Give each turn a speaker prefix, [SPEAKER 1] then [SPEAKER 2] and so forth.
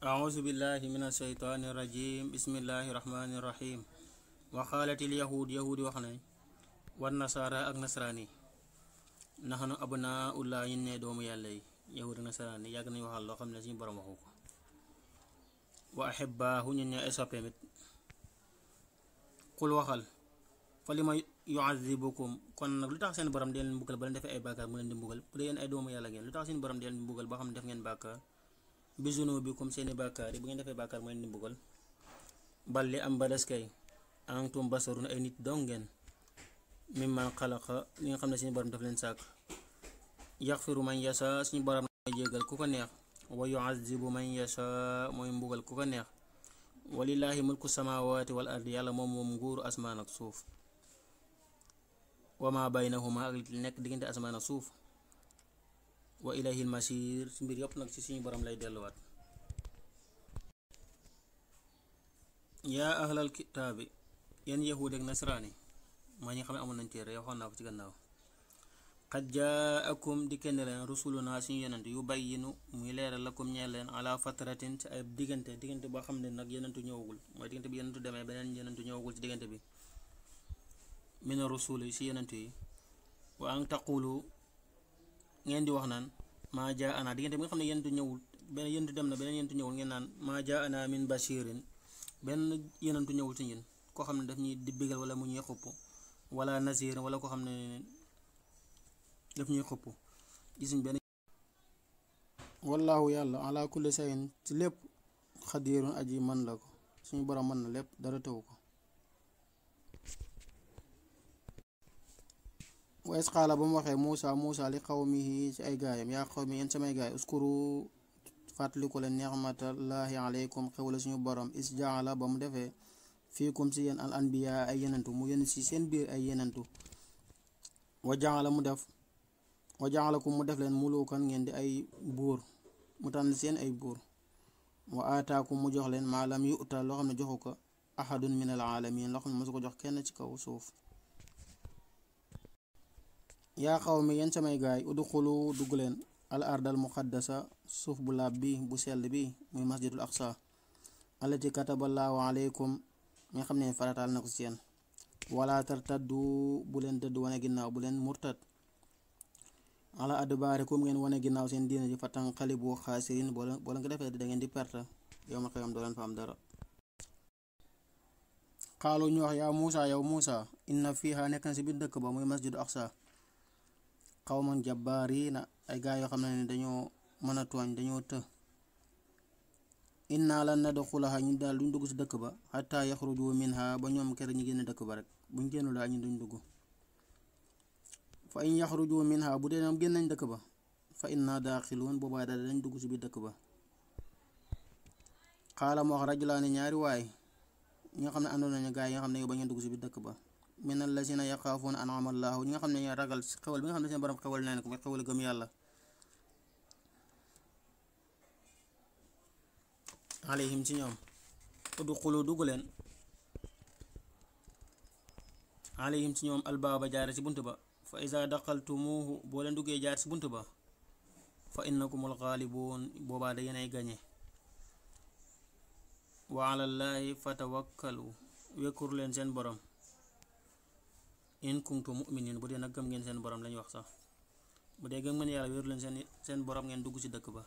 [SPEAKER 1] أعوذ بالله من الشيطان الرجيم بسم الله الرحمن الرحيم وقالت اليهود يهود وخنا والنصارى أك نصراني نحن أبناء الله يني دوم يالي يهود نصراني يغني وحال لو خمنا سين برم وخوك وأحباه نيني أسابيمت قل وخال فلما yuazibukum kon nag lu tax seen borom di leen mbugal ba leen defee ay bàkkaar mu leen di mbugal bu dee yéen ay doomu yàlla ngeen lu tax seen borom di leen mbugal boo xam ne def ngeen bàkkaar bi junoo bi comme seeni bàkkaar yi bu ngeen defee bàkkaar mooy leen di mbugal bal li am ba des kay ay nit dong ngeen mimman xalaqa li nga xam ne suñu borom daf leen sàkk yaxfiru man yasa suñu borom mooy jéggal ku ko neex wa yuazibu man yasa mooy mbugal ku ko neex walillaahi mulku samawaati wal ardi yàlla moom moom nguuru asmaan ak suuf wama baynahuma ak li nekk diggante asmaan ak suuf wa ilahil masir si mbir yëpp nag ci suñu borom lay delluwaat yaa ahlal kitaabi yéen yahuud ak nasaraan yi maa ñi xam ne amoon nañ téere waxoon naa ko ci gannaaw xad jaakum di kenn leen rusuluna suñu yonent yu bayyinu muy leeral lakum ñeel leen ala fatratin ci ay diggante diggante boo xam ne nag yonentu ñëwagul mooy diggante bi yonentu demee beneen yonentu ñëwagul ci diggante bi min rusuli si yonent yi wa an taqulu ngeen di wax naan maa jaa ana diggante bi nga xam ne yentu ñëwul benn yentu dem na beneen yentu ñëwul ngeen naan maa jaa ana min bashirin benn yenentu ñëwul ci ñun koo xam ne daf ñuy di bigal wala mu ñuy xupp wala nasir wala koo xam ne daf ñuy xupp gisuñ benn wallaahu yàlla ala kulli shay'in ci lépp xadiirun aji mën la ko suñu borom mën na lépp dara tëw ko wa is qaala ba mu waxee Moussa Moussa li qawmihi ci ay gaayam yaa qawmi yéen samay gaay uskuru fàttaliku leen ni'matallaahi aleykum xewla suñu borom is jaala ba mu defee fiikum si yéen al anbiya ay yenentu mu yéen si seen biir ay yenentu wa jaala mu def wa jaalakum mu def leen mulukan ngeen di ay buur mu tànn seen ay buur wa aataakum mu jox leen maalam yu'ta loo xam ne joxu ko ahadun min al alamin loo xam ne mosu ko jox kenn ci kaw suuf yaa xaw mi yéen samay gaay udxulu dugg leen al ardal muqaddasa suuf bu laab bi bu sell bi muy masjidul aqsa allati kataballaahu aleykum mi nga xam ne farataal na ko si yéen wala tartaddu bu leen dëdd wane ginnaaw bu leen murtad ala adbaarikum ngeen wane ginnaaw seen diina fa fatanqalibu xaasirin boo leen ko defee da di perte yow ma doo leen fa am dara xaalu ñu wax yaa Muusa yow Muusa inna fiiha nekk na si biir dëkk ba muy masjidul xawman na ay gaa yoo xam ne dañoo mën a tooñ dañoo të inna lan nadxulaha ñu daal duñ dugg si dëkk ba xataa yaxruju minha ba ñoom kere ñu génn dëkk ba buñ génnu laa ñu duñ dugg fa in yaxruju minha bu dee ñoom génn nañ dëkk ba fa inna daaxiluun boobaa daal dañ dugg si biir dëkk ba xaala moo wax ne ñaari waay ñi nga xam ne àndoon nañu gaa yi nga xam ne ba ñu dugg si biir dëkk ba min na yaxaafuuna anama allahu ñi nga xam ne ñooy ragal si xewal bi nga xam ne seen borom xewal na leen ko mooy xewal gëm yàlla alayhim ci ñoom udxulu dugg leen ci albaaba jaare ci bunt ba fa isa daqaltumuuhu boo leen duggee jaar ci bunt ba fa innakumul xaalibuun boobaa da yéenay gañe wa alallaahi fatawakkalu wékkur leen seen boroom in kuntum mu'minin bu dee nag gëm ngeen seen borom lañu wax sax bu dee gëm ngeen yàlla wéeru leen seen seen borom ngeen dugg ci dëkk ba